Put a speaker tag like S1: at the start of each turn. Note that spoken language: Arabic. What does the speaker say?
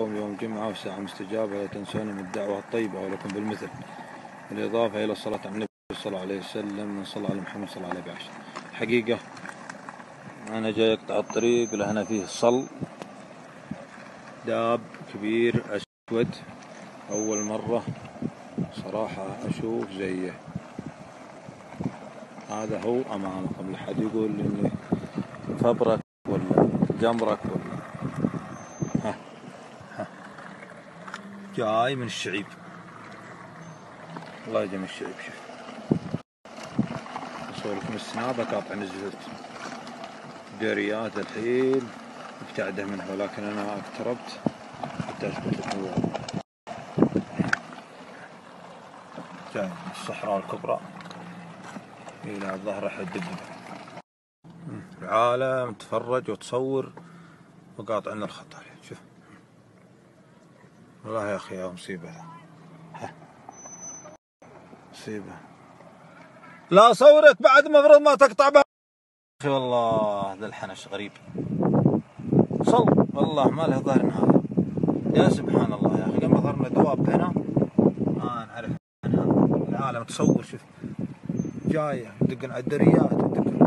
S1: يوم يوم جمعة وساعة مستجابة لا تنسون من الدعوة الطيبة ولكم بالمثل بالإضافة إلى الصلاة على النبي صلى الله عليه وسلم من صلى على محمد صلى الله عليه وسلم الحقيقة أنا جاي أقطع الطريق لهنا فيه صل داب كبير أسود أول مرة صراحة أشوف زيه هذا هو أمامكم لا يقول إني فبرك ولا جمرك ولا جاي من الشعيب الله يجي من الشعيب شوف اصوركم السناب قاطع نزلت دريات الحين ابتعده منها ولكن انا اقتربت حتى اثبت لكم الوضع طيب، الصحراء الكبرى الى ظهر احد الدبدبه العالم تفرج وتصور وقاطع لنا الخطر شوف
S2: والله يا أخي يا مصيبة مصيبة لا صورك بعد مفروض ما تقطع بها أخي والله
S3: هذا الحنش غريب صل والله ما له ظهر هذا يا سبحان الله يا أخي لما ظهرنا دواب هنا ما نعرف عنها العالم تصور شوف جاية تدق على الدريات تدق